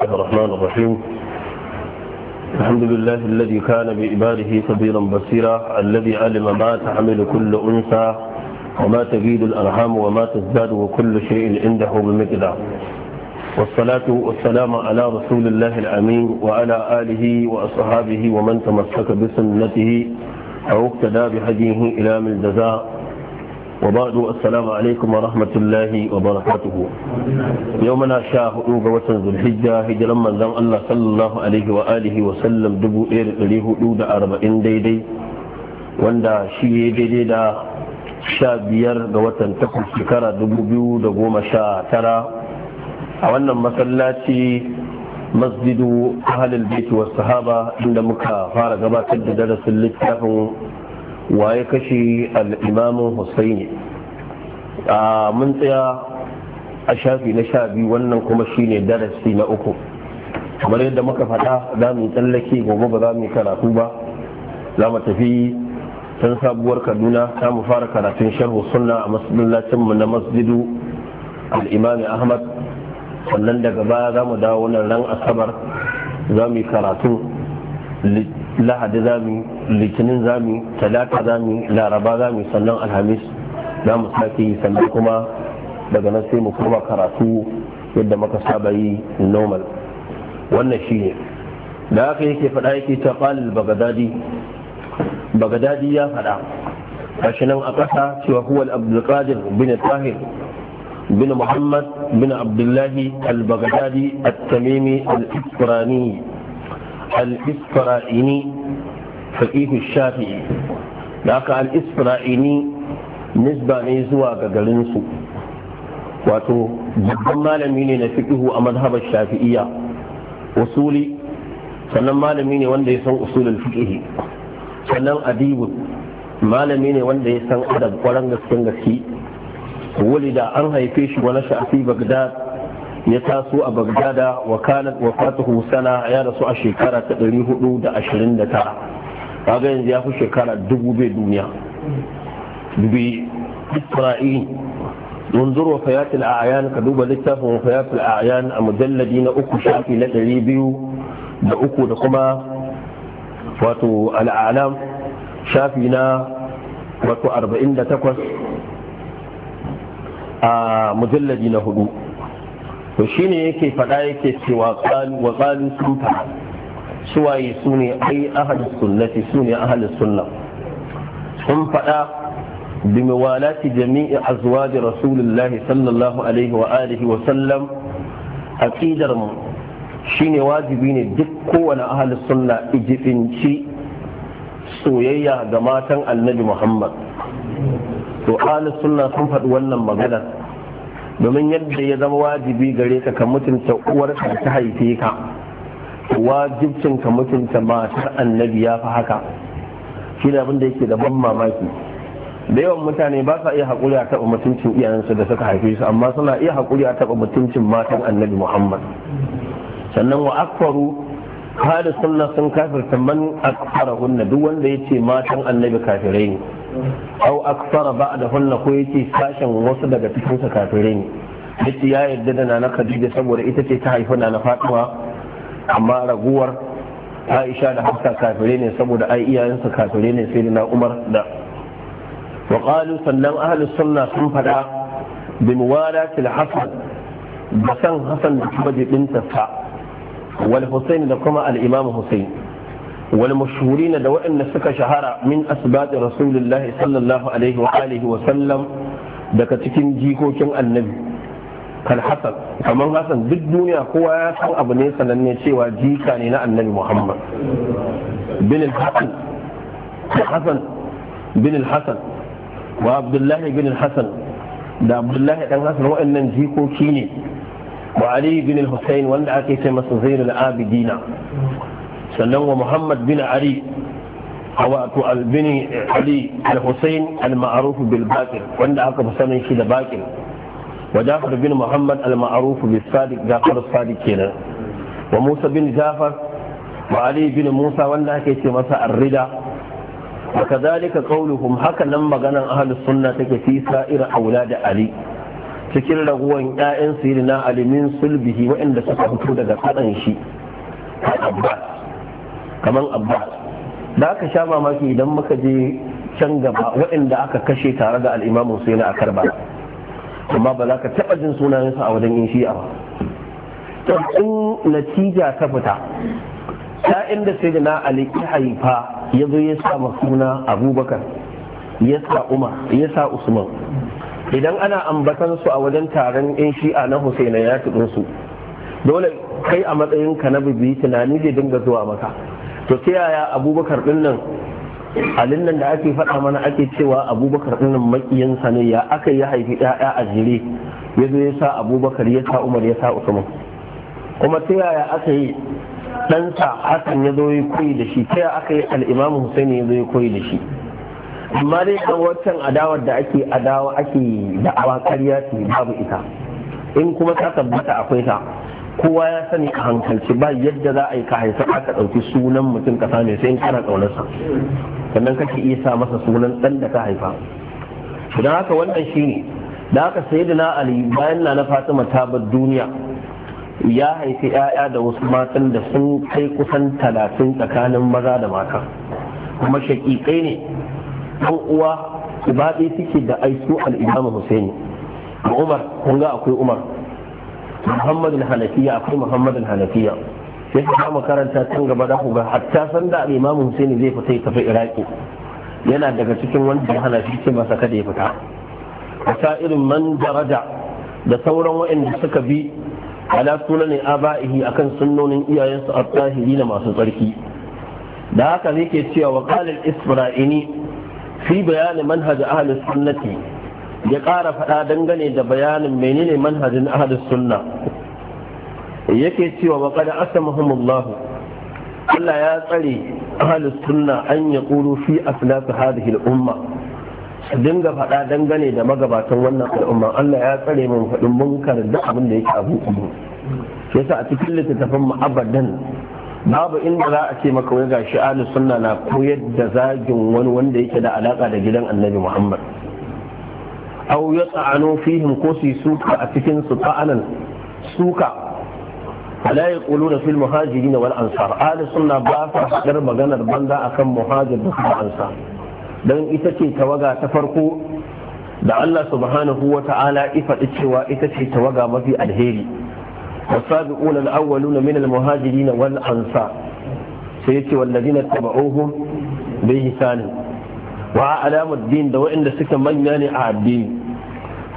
الله الرحمن الرحيم الحمد لله الذي كان بإباده خبيرا بصيرا الذي علم ما تعمل كل أنثى وما تجيد الأرحام وما تزداد وكل شيء عنده بمقدار والصلاة والسلام على رسول الله الأمين وعلى آله وأصحابه ومن تمسك بسنته أو اقتدى بهديه إلى من الجزاء وبعد السلام عليكم ورحمة الله وبركاته يومنا شاهد وطن ذو الحجة هجر لما ذن الله صلى الله عليه وآله وسلم دبو إير إليه دود أربعين ديدي وندا شيء ديدي دا شابير وطن تقل شكرا دبو بيو دبو مشا ترى وانا مسلاتي مسجد أهل البيت والصحابة عندما كفار غبا كد درس اللي waye kashe al'imamin husaini a mun tsaya a shafi na sha biyu wannan kuma shine darasi na uku kamar yadda muka faɗa za mu tsallake gobe ba za mu karatu ba za mu tafi can sabuwar kaduna za mu fara karatun sharhu sunna a masallacin mu na masjidu al'imami ahmad sannan daga baya za mu dawo nan ran asabar za mu yi karatu lahadi za litinin za talata za laraba za mu sannan alhamis za mu sake sannan kuma daga nan sai mu koma karatu yadda maka saba yi normal wannan shi ne da haka yake faɗa yake ta ƙalil bagadadi bagadadi ya faɗa gashi nan a ƙasa cewa huwa abdulkadir bin tahir bin muhammad bin abdullahi al-bagadadi at-tamimi al-ikrani al-isfara'ini faqihu shafi'i da aka al-isfara'ini nisba ne zuwa ga garinsu wato babban malami ne na fiqihu a madhabar shafi'iyya usuli sannan malami ne wanda ya san usulul fiqihi sannan adibu malami ne wanda ya san adab kwaran gasken gaske da an haife shi wani sha'afi bagdad ya taso a bagdada wa kanat wafatuhu sana ya rasu a shekara ta 429 kaga yanzu ya fi shekara dubu bai duniya dubi isra'il منظر وفيات الأعيان كدوبة لتاف وفيات الأعيان مجلدين أكو شافي لدري بيو da uku da kuma wato shafi na wato 48 a mujalladi na hudu to ne yake faɗa yake cewa wa qalu sunta suwaye su ne ai ahlus sunnati su ne ahlus sunna sun faɗa بموالاة جميع أزواج رسول الله wa sallam a وآله وسلم أكيد رمو شين واجبين دكو وانا أهل السنة إجفن soyayya ga matan النبي Muhammad, to ahli sunna sun faɗi wannan maganar. domin yadda ya zama wajibi gare ka ka mutunta uwarka ta haife ka wajibcin ka mutunta matar annabi ya fi haka shi da abin da yake da ban mamaki da yawan mutane ba sa iya haƙuri a taɓa mutuncin iyayensu da suka haife su amma suna iya haƙuri a taɓa mutuncin matan annabi muhammad sannan wa akwaru kada sunna sun kafirta man akfara hunna duk wanda ya ce matan annabi kafirai ne au aksara ba da hunna ko yake sashen wasu daga cikin sa kafirai ne yace ya yarda da nana Khadija saboda ita ce ta haifi nana Fatima amma raguwar Aisha da Hafsa kafire ne saboda ai sa kafire ne sai na Umar da wa qalu sannan ahli sunna sun fada bi muwalatil hasan da san hasan da kuma jibinta sa wal husaini da kuma al imam husaini wal mashhurina da waɗanda suka shahara min asbat rasulullahi sallallahu alaihi wa alihi sallam daga cikin jikokin annabi Kan hasan kamar hasan duk duniya kowa ya san abu ne sananne cewa jika ne na annabi muhammad bin al-hasan hasan bin al-hasan wa abdullahi bin al-hasan da abdullahi dan hasan waɗannan jikoki ne wa ali bin al-husayn wanda ake ce masa zainul abidina sannan wa muhammad bin ali wato albini ali al-hussein al maarufu bil baqir wanda aka fi sanin shi da baqir wa jafar bin muhammad al maarufu bil sadiq jafar sadiq kenan wa musa bin jafar wa ali bin musa wanda ake ce masa ar-rida wa kadhalika qawluhum haka nan maganan ahli sunna take fi sa'ir aulad ali cikin raguwan ƴaƴan sirina alimin min sulbihi waɗanda suka fito daga kadan shi abbas kamar abbas da aka sha mamaki idan muka je can gaba waɗanda aka kashe tare da al'imam yana a karba amma ba za ka taɓa jin sunayensa a wajen yin shi'a ba to in natija ta fita ta inda sai da na ali haifa ya zo ya sa suna abubakar ya sa umar ya sa usman idan ana ambatan su a wajen taron yan shi'a na husaina ya dole kai a matsayin ka na bibi tunani zai dinga zuwa maka to ta yaya abubakar din nan alin nan da ake faɗa mana ake cewa abubakar din nan makiyansa ne ya aka yi haifi ɗaya a jere ya zo ya sa abubakar ya sa umar ya sa usman kuma ta yaya aka yi ɗansa hakan ya zo ya koyi da shi ta yaya aka yi al'imamu husaini ya zo ya koyi da shi amma dai kan waccan adawar da ake adawa ake da'awa karya ce babu ita in kuma ta tabbata akwai ta kowa ya sani a hankalci ba yadda za a yi ka haifi aka ɗauki sunan mutum ƙasa ne sai in kana ƙaunarsa sannan kake iya sa masa sunan ɗan da ka haifa idan haka wannan shine da aka sai da na ali bayan na na fatima ta bar duniya ya haifi 'ya'ya da wasu matan da sun kai kusan talatin tsakanin maza da mata kuma shaƙiƙai ne ɗan uwa ubaɗi suke da aisu al'imamu husaini umar kun ga akwai umar muhammad hanafiya akwai muhammad hanafiya sai ka makaranta can gaba da ga hatta san da imam husaini zai fita ya tafi iraki yana daga cikin wanda hana shi ce masa kada ya fita a irin man daraja da sauran waɗanda suka bi ala sunan aba'ihi akan sunnonin iyayensu a tsahiri na masu tsarki da haka ne ke cewa wa qalal isra'ini fi bayani manhaj ahli sunnati ya ƙara faɗa dangane da bayanin menene manhajin ahadus sunna yake cewa wa qad asamahumullah Allah ya tsare ahlus sunna an yaqulu fi aflas hadhihi al-umma dinga faɗa dangane da magabatan wannan al'umma Allah ya tsare mun faɗin munkar da abin da yake abu yasa a cikin littattafan mu abadan babu inda za a ce maka wai gashi ahlus sunna na koyar da zagin wani wanda yake da alaka da gidan Annabi Muhammad aw yat'anu fihim ko su suka a cikin su ta'anan suka la yaquluna fil muhajirin wal ansar ahli suna ba sa hadar maganar banza akan muhajir da ansar dan ita ce tawaga ta farko da Allah subhanahu wa ta'ala ifaɗi cewa ita ce tawaga mafi alheri والسابقون الأولون من المهاجرين والأنصار سيأتي والذين اتبعوهم بإحسان وعلام الدين دوائن manya من يعني الدين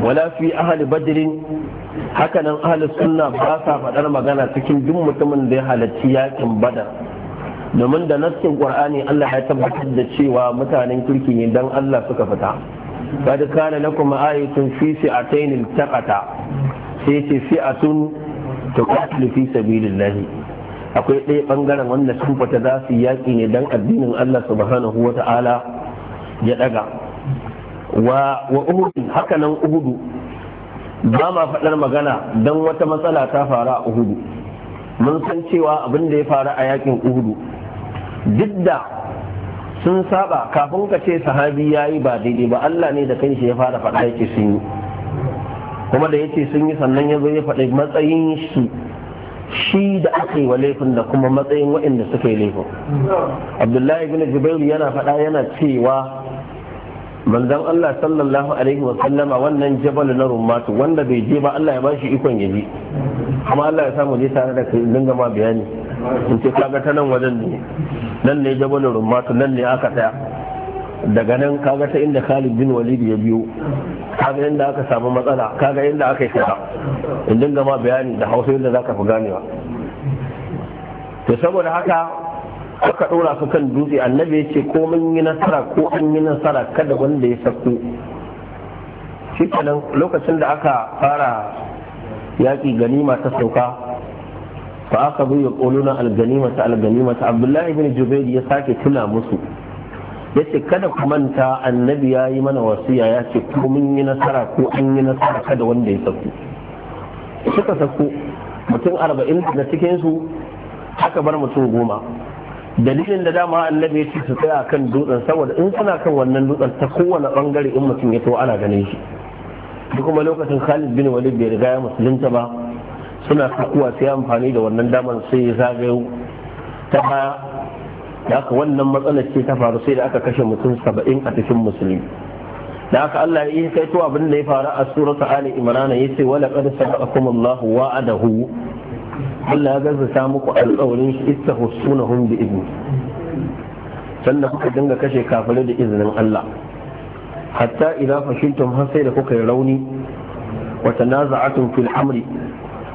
wala fi ahali badrin hakanan ahali sunna ba sa faɗar magana cikin duk mutumin da ya halarci yakin badar domin da naskin qur'ani Allah ya tabbatar da cewa mutanen kirki ne dan Allah suka fita قد kana lakum ayatun fi فئتين taqata سيتي فئة تقاتل في fi sabilillah akwai ɗaya bangaren wanda sun fita za su yaƙi ne dan addinin Allah subhanahu wata'ala ya ɗaga wa uhudu haka nan uhudu ba ma faɗar magana don wata matsala ta faru a uhudu mun san cewa abin da ya faru a yakin uhudu duk sun saba kafin ka ce sahabi ya yi ba daidai ba Allah ne da kanshi ya fara faɗa yake sun yi kuma da yace sun yi sannan ya zo ya faɗi matsayin shi shi da aka yi wa laifin da kuma matsayin waɗanda suka yi laifin abdullahi bin jubairu yana faɗa yana cewa manzon Allah sallallahu alaihi wa sallama wannan jabal na rummatu wanda bai je ba Allah ya ba shi ikon ya ji. amma Allah ya samu je tare da kai dinga ma bayani in ce kaga ta nan wajen ne nan ne jabal rumatu nan ne aka tsaya daga nan kaga ta inda Khalid bin Walid ya biyo kaga inda aka samu matsala kaga inda aka yi kaza in dinga ma bayani da Hausa yadda zaka fi ganewa to saboda haka aka ɗora su kan dutse annabi ya ce ko mun yi nasara ko an yi nasara kada wanda ya sako shi kenan lokacin da aka fara yaƙi ganima ta sauka fa aka bi yaquluna al-ganima ta al-ganima ta Abdullahi bin jubairu ya sake tuna musu Ya ce, kada ku manta annabi ya yi mana wasiya ya ce ko mun yi nasara ko an yi nasara kada wanda ya sako suka sako mutum arba'in da cikinsu aka bar mutum goma dalilin da dama annabi ya ce su tsaya kan dutsen saboda in suna kan wannan dutsen ta kowane bangare in mutum ya to ana ganin shi duk kuma lokacin Khalid bin Walid bai riga ya musulunta ba suna kakuwa sai amfani da wannan daman sai ya zagayo ta baya da aka wannan matsalar ce ta faru sai da aka kashe mutum saba'in a cikin musulmi da aka Allah ya yi kai to abin da ya faru a surata Ali Imran ya ce wala qad sadaqakum Allahu wa'adahu Allah ya gazzata muku alƙawarin shi hun bi izini sannan kuka dinga kashe kafirai da izinin Allah hatta idan fashiltum har sai da kuka yi rauni wa tun fil amri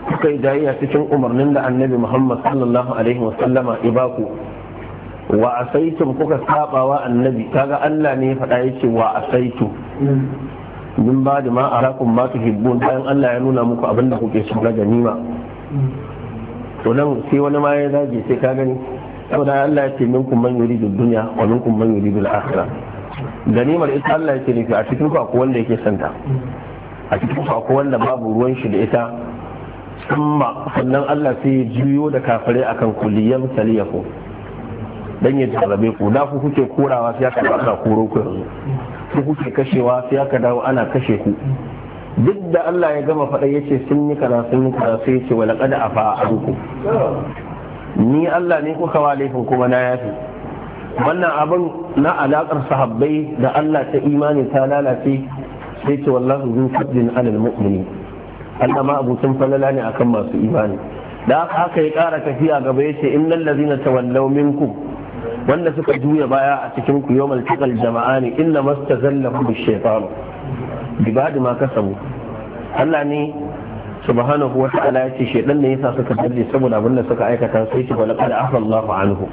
kuka yi dayya cikin umarnin da annabi Muhammad sallallahu alaihi wa ibaku wa asaitum kuka sabawa annabi kaga Allah ne ya faɗa yace wa asaitu min ba da ma arakum ma tuhibbun bayan Allah ya nuna muku abinda kuke so na ganima to nan sai wani ma ya zage sai ka gani saboda Allah ya ce minkum man yuridu dunya wa minkum man yuridu al-akhirah ganimar ita Allah ya ce ne a cikin ku akwai wanda yake santa a cikin ku akwai wanda babu ruwan shi da ita amma sannan Allah sai ya juyo da kafirai akan kulliyam saliyaku dan ya jarrabe ku da ku kuke korawa sai aka aka koro ku yanzu ku kuke kashewa sai aka dawo ana kashe ku duk da Allah ya gama faɗa yace sun yi kaza sun yi kaza sai yace wala qad afa anku ni Allah ne kuka wa laifin kuma na yafi wannan abin na alakar sahabbai da Allah ta imani ta lalace sai ce wallahu zu fadlin alal mu'mini Allah ma abutun falala ne akan masu imani da haka ya ƙara tafiya gaba yace innal ladina tawallaw minkum wanda suka juya baya a cikin ku yawmal taqal jama'ani illa mastazallahu bi shaytan bi ma kasabu Allah ne subhanahu wata'ala ya ce shedan ne yasa suka tarje saboda abin da suka aikata sai ce wala qad afa Allahu anhu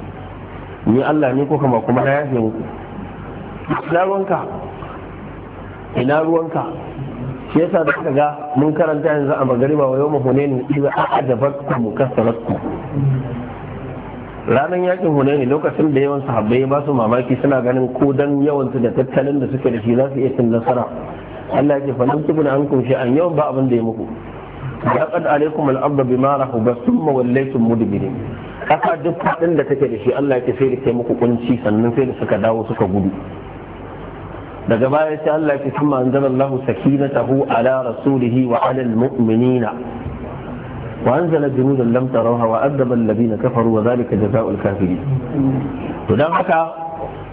ni Allah ne ko kuma kuma na yafe ina ruwanka ina ruwanka shi yasa da kaga ga mun karanta yanzu a magariba wa yawma hunain idza a'jabatkum kasaratkum ranar yakin hunaini lokacin da yawan sahabbai ba su mamaki suna ganin ko dan yawan su da tattalin da suke da shi za su iya cin nasara Allah ya ce an tubuna ankum sha'an yawan ba abin da ya muku laqad alaikum al-ardu bima rahabatum mudu wallaytum mudbirin kasa duk faɗin da take da shi Allah ya ce sai da kai muku kunci sannan sai da suka dawo suka gudu daga baya sai Allah ya ce thumma anzalallahu sakinatahu ala rasulihi wa ala al-mu'minina وأنزل جنودا لم تروها وأذب الذين كفروا وذلك جزاء الكافرين. ودعك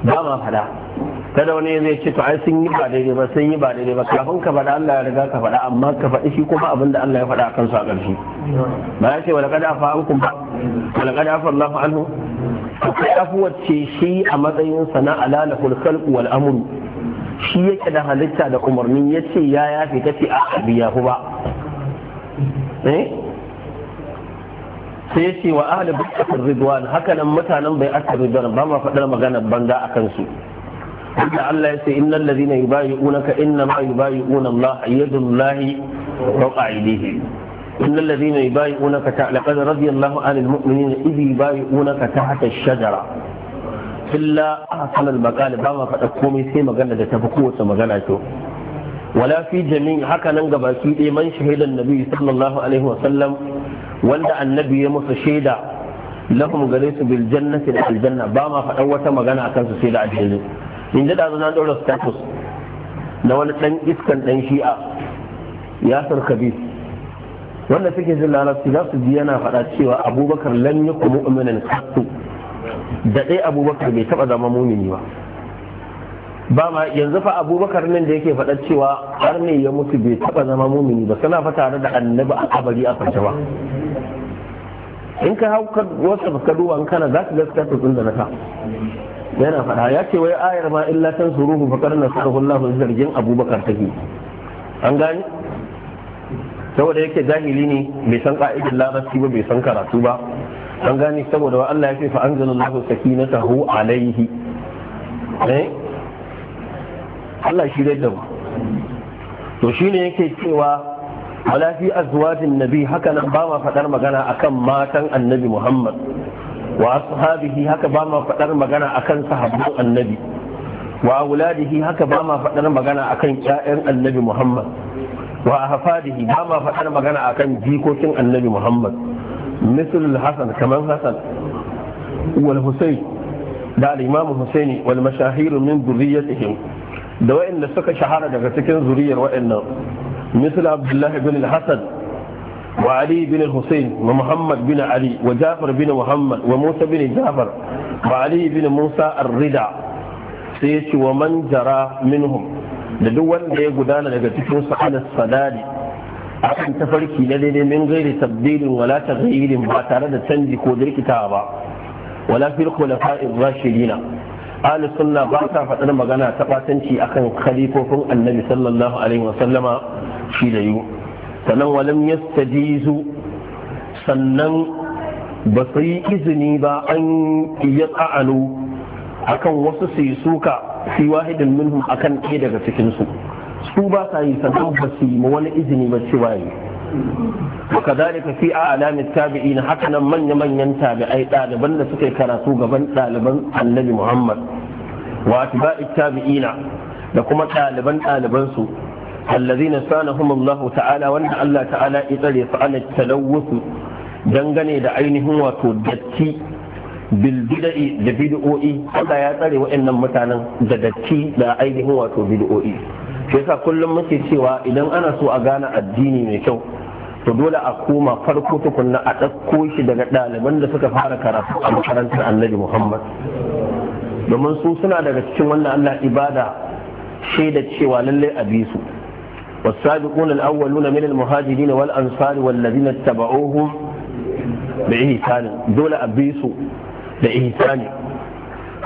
دعما فلا kada wani zai ce to ai sun yi ba daidai ba sun yi ba daidai ba kafin ka faɗa Allah ya riga ka faɗa amma ka faɗi shi kuma abin da Allah ya faɗa kansu a ƙarshe ba ya ce wala kada afa ankum ba wala kada afa Allahu anhu akwai afuwar ce shi a matsayin sana alala kul khalq wal amr shi yake da halitta da umarni ce ya yafe kace a biya ku ba eh? sai ce wa ahli bai'atir ridwan hakanan mutanen bai bai'atir ridwan ba ma faɗar magana banza akan su da Allah ya ce innal ladina yubayi'unaka inna ma yubayi'una Allah yadullahi fawqa aydihi innal ladina yubayi'unaka ta'laqad radiyallahu 'anil mu'minina idh yubayi'unaka tahta ash-shajara illa ahsan al-maqal ba ma fada komai sai magana da tafi kowace magana to wala fi jami'in haka gabaki ɗaya man shahidan nabi sallallahu alaihi wanda annabi ya musu shaida lahum gare su da aljanna ba ma wata magana akan sai da in ji ɗazu na ɗora status na wani ɗan iskan ɗan shi'a yasir kabir wanda suke jin larabci za su ji yana faɗa cewa abubakar lan yi kuma umarnin kasu da ɗaya abubakar bai taɓa zama mumini ba ba ma yanzu fa abubakar nan da yake faɗa cewa har ne ya mutu bai taɓa zama mumini ba suna fa tare da annabi a kabari a farce ba in ka hau wasu ka duba in kana za su gaskata tun da na ka yana faɗa ya ce wai ayar ma illa tan suruhu fa karna suruhu Allahu zargin Abubakar take an gani saboda yake jahili ne bai san ka'idin larabci ba bai san karatu ba an gani saboda wa Allah ya ce fa anzalallahu sakinatahu alaihi eh Allah shi da mu to shine yake cewa wala fi azwajin nabi haka nan ba ma faɗar magana akan matan annabi Muhammad wa ashabihi haka ba ma faɗar magana akan sahabban annabi wa wuladihi haka ba ma faɗar magana akan ƴaƴan annabi Muhammad wa hafadihi ba ma faɗar magana akan jikokin annabi Muhammad misal Hassan kaman Hassan wal Husayn da al-Imam Husaini wal mashahir min dhurriyyatihim da wa'anda suka shahara daga cikin zuriyar wa'annan misal Abdullahi bin al-Hasan وعلي بن الحسين ومحمد بن علي وجعفر بن محمد وموسى بن جعفر وعلي بن موسى الردع سيش ومن جرى منهم da duk wanda ya gudana daga cikin su ala sadadi akan tafarki na daidai min gairi tabdilin wala taghayirin ba tare da canji ko dirkita ba wala fil khulafa'ir rashidina ahli sunna ba ta faɗar magana ta batanci akan khalifofin annabi sallallahu sannan walam yastajizu sannan ba su yi izini ba an ya tsa'anu a kan wasu su yi suka fi wahidin minhum a kan ke daga cikinsu su ba sa yi sannan ba su yi izini ba cewa yi ba ka za a rika fi a alamun na haka manya-manyan tabi'ai ɗaliban da suka yi karatu gaban ɗaliban annabi muhammad wa ta ba'i tabi'ina da kuma ɗaliban ɗalibansu allazina sanahum Allah ta'ala wanda Allah ta'ala ya tsare su ana dangane da ainihin wato datti bil bid'i da bid'o'i Allah ya tsare waɗannan mutanen da datti da ainihin wato bid'o'i shi yasa kullum muke cewa idan ana so a gane addini mai kyau to dole a koma farko tukunna a ɗauko shi daga ɗaliban da suka fara karatu a makarantar annabi muhammad domin su suna daga cikin wannan allah ibada shaida cewa lallai a bi su والسابقون الأولون من المهاجرين والأنصار والذين اتبعوهم بإحسان دول أبيسوا بإحسان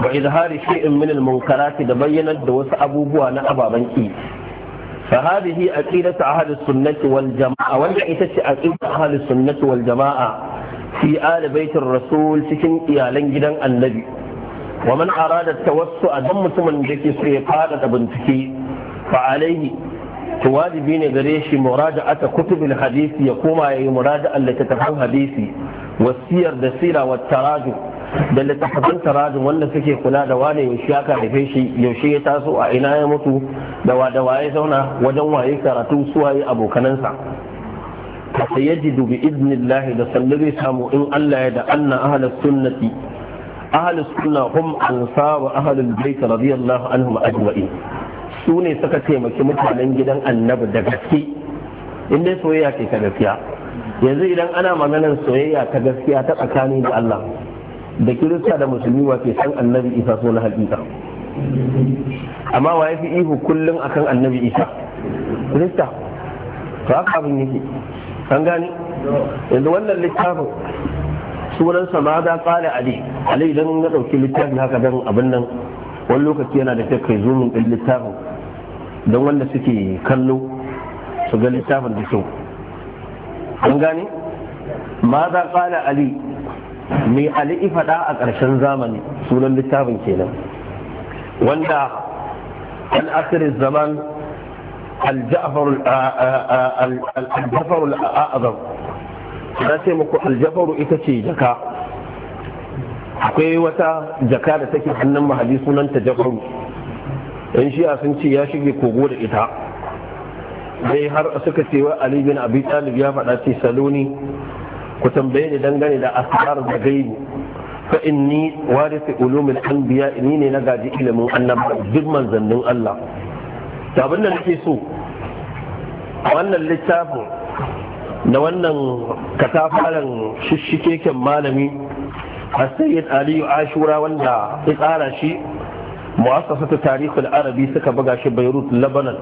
وإظهار شيء من المنكرات تبينت دوس أبوبها نأبا بنكي فهذه عقيدة أهل السنة والجماعة والعيدة عقيدة أهل السنة والجماعة في آل بيت الرسول سكن إيالين جدا النبي ومن أراد التوسع دم ثمن ذكي سيقادة بنتكي فعليه to wajibi ne gare shi muraja'ata kutubil hadisi ya koma yayi muraja'an littattafan hadisi wasiyar da sira wa taraju da littattafan taraju wanda suke kula da wane yaushe aka haife shi yaushe ya taso a ina ya mutu da wada waye zauna wajen waye karatu waye abokanansa sai yajidu bi idnillahi da sallare samu in Allah ya da anna ahlus sunnati ahlus sunna hum ansaru ahlul bait radiyallahu anhum ajma'in su ne suka taimaki mutanen gidan annabi da gaske in dai soyayya ke ta gaskiya yanzu idan ana maganar soyayya ta gaskiya ta tsakani da Allah da kirista da musulmi wa ke san annabi isa so na hakika amma wa fi ihu kullum akan annabi isa kirista to haka abin yake kan gani yanzu wannan littafin sunansa ma za kala ali ali idan na ɗauki littafin haka dan abin nan wani lokaci yana da kai zumin ɗin littafin don wanda suke kallo su ga littafin da kyau an gane ma za ali mai ali ifada a ƙarshen zamani sunan littafin kenan wanda an asirin zaman aljafarul a'azam na ce muku aljafaru ita ce jaka akwai wata jaka da take hannun mahali sunanta jafaru yan shi sun ce ya shige kogo da ita dai har suka ce wa ali bin abi talib ya faɗa ce saloni ku tambaye ni dangane da asrar da gaibi fa inni warisi ulumul anbiya ni ne na gaji ilimin annabawa duk manzannin Allah to abin da nake so a wannan littafin da wannan katafaren shishike malami a sayyid aliyu ashura wanda ya tsara shi mu'assasatu tarihul arabi suka buga shi beirut lebanon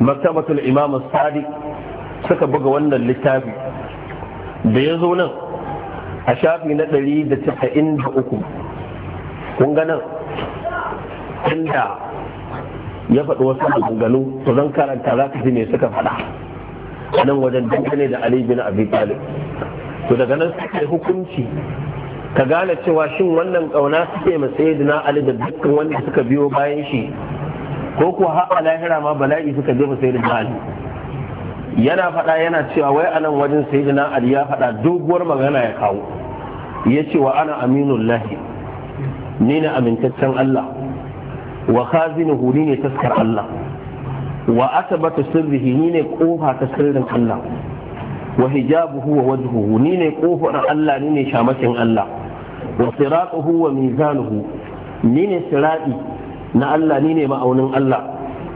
maktabatul imam sadiq suka buga wannan littafi da ya zo nan a shafi na 193 kun ga nan inda ya faɗi wasu maganganu to zan karanta za ka ji me suka faɗa a nan wajen dangane da ali biyu na talib to daga nan suka hukunci ka gane cewa shin wannan kauna suke matsayi da ali da dukkan wanda suka biyo bayan shi ko ko har lahira ma bala'i suka jefa sai da ali yana faɗa yana cewa wai anan wajen Sayyidina ali ya faɗa doguwar magana ya kawo ya ce wa ana aminun lahi ni na amintaccen Allah wa khazinuhu ni ne taskar Allah wa asabata sirrihi ni ne kofa ta sirrin Allah wa hijabuhu wa wajhuhu ni ne kofar Allah ni ne shamakin Allah wa siratuhu wa mizanuhu ni ne sirati na Allah ni ne ma'aunin Allah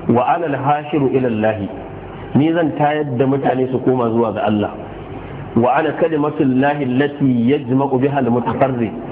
wa alal hashiru ila Allah ni zan tayar da mutane su koma zuwa ga Allah wa ala kalimatu Allah allati yajma'u biha al-mutafarriq